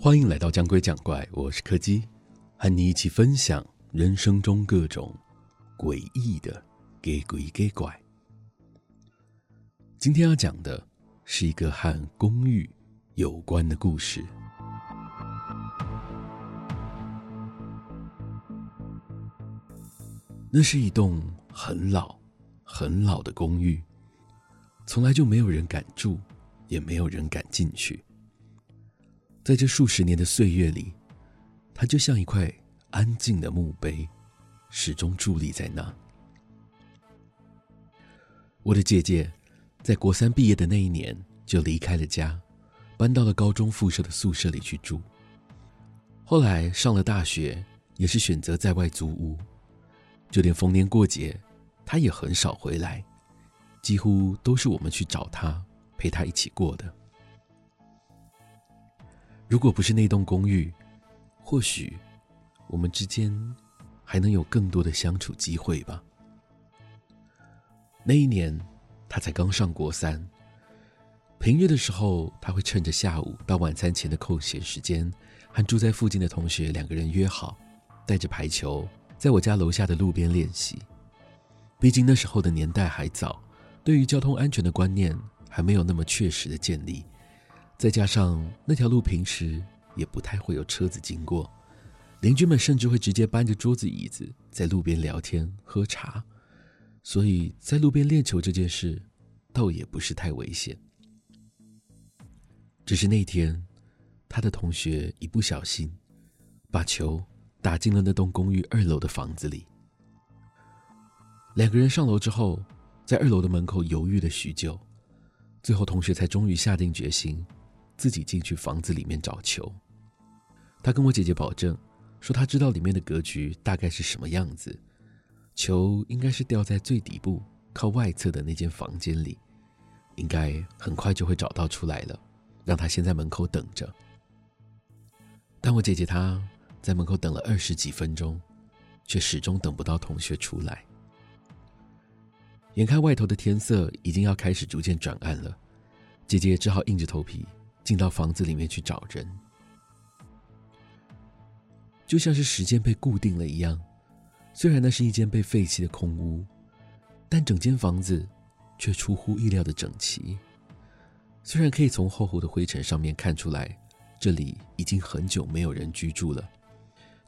歡迎來到《講鬼講怪》，我是柯基，和你一起分享人生中各種詭異的給鬼給怪。今天要講的是一個和公寓有關的故事。那是一棟很老、很老的公寓，從來就沒有人敢住。也沒有人敢進去。在這數十年的歲月裡，它就像一塊安靜的墓碑，始終佇立在那。我的姐姐在國三畢業的那一年就離開了家，搬到了高中附設的宿舍裡去住。後來上了大學，也是選擇在外租屋。就連逢年過節，她也很少回來，幾乎都是我們去找她。陪他一起過的。如果不是那棟公寓，或許我們之間還能有更多的相處機會吧。那一年，他才剛上國三。平日的時候，他會趁着下午到晚餐前的空閒時間，和住在附近的同學兩個人約好，帶着排球，在我家樓下的路邊練習。畢竟那時候的年代還早，對於交通安全的觀念，還沒有那麼確實的建立，再加上那條路平時也不太會有車子經過，鄰居們甚至會直接搬着桌子椅子在路邊聊天喝茶，所以在路邊練球這件事倒也不是太危險。只是那天，他的同學一不小心把球打進了那棟公寓二樓的房子裡，兩個人上樓之後，在二樓的門口猶豫了許久。最後，同學才終於下定決心，自己進去房子裡面找球。他跟我姐姐保證，說他知道裡面的格局大概是什麼樣子，球應該是掉在最底部靠外側的那間房間裡，應該很快就會找到出來了。讓他先在門口等着。但我姐姐她在門口等了二十幾分鐘，卻始終等不到同學出來。眼看外頭的天色已經要開始逐漸轉暗了，姐姐只好硬着頭皮進到房子裡面去找人。就像是時間被固定了一樣，雖然那是一間被廢棄的空屋，但整間房子卻出乎意料的整齊。雖然可以從厚厚的灰塵上面看出來，這裡已經很久沒有人居住了，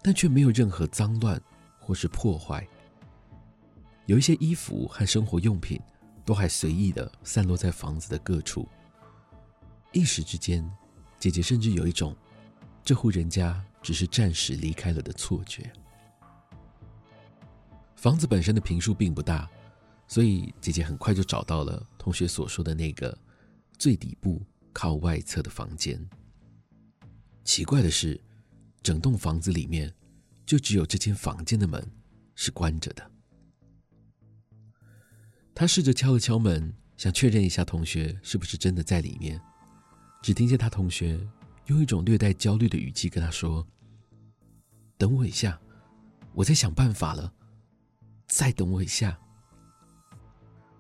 但卻沒有任何髒亂或是破壞。有一些衣服和生活用品，都還隨意的散落在房子的各處。一時之間，姐姐甚至有一種這戶人家只是暫時離開了的錯覺。房子本身的坪數並不大，所以姐姐很快就找到了同學所說的那個最底部靠外側的房間。奇怪的是，整棟房子裡面就只有這間房間的門是關着的。他試着敲了敲門，想確認一下同學是不是真的在裡面。只聽見他同學用一種略帶焦慮的語氣跟他說：“等我一下，我在想辦法了。再等我一下。”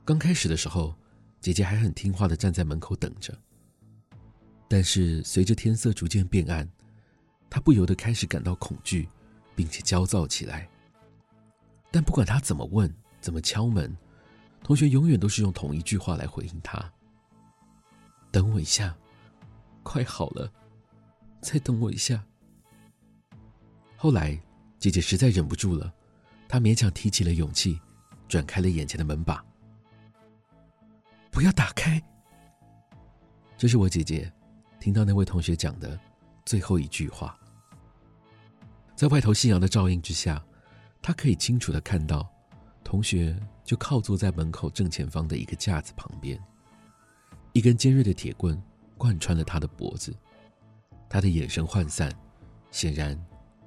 剛開始的時候，姐姐還很聽話的站在門口等着。但是隨着天色逐漸變暗，她不由得開始感到恐懼，並且焦躁起來。但不管她怎麼問，怎麼敲門。同學永遠都是用同一句話來回應他：“等我一下，快好了，再等我一下。”後來，姐姐實在忍不住了，她勉強提起了勇氣，轉開了眼前的門把。不要打開！這是我姐姐聽到那位同學講的最後一句話。在外頭夕陽的照映之下，她可以清楚的看到。同學就靠坐在門口正前方的一個架子旁邊，一根尖銳的鐵棍貫穿了他的脖子，他的眼神渙散，顯然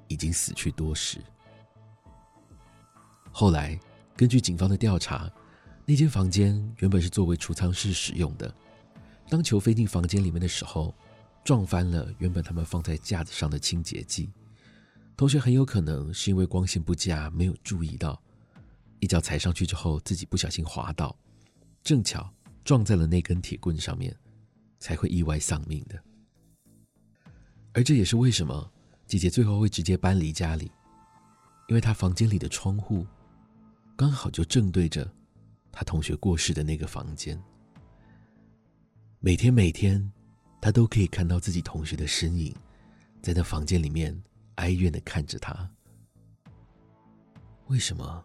已經死去多時。後來，根據警方的調查，那間房間原本是作為儲藏室使用的。當球飛進房間裡面的時候，撞翻了原本他們放在架子上的清潔劑。同學很有可能是因為光線不佳，沒有注意到。一腳踩上去之後，自己不小心滑倒，正巧撞在了那根鐵棍上面，才會意外喪命的。而這也是為什麼姐姐最後會直接搬離家裡，因為她房間裡的窗戶剛好就正對着她同學過世的那個房間。每天每天，她都可以看到自己同學的身影，在那房間裡面哀怨的看着她。為什麼，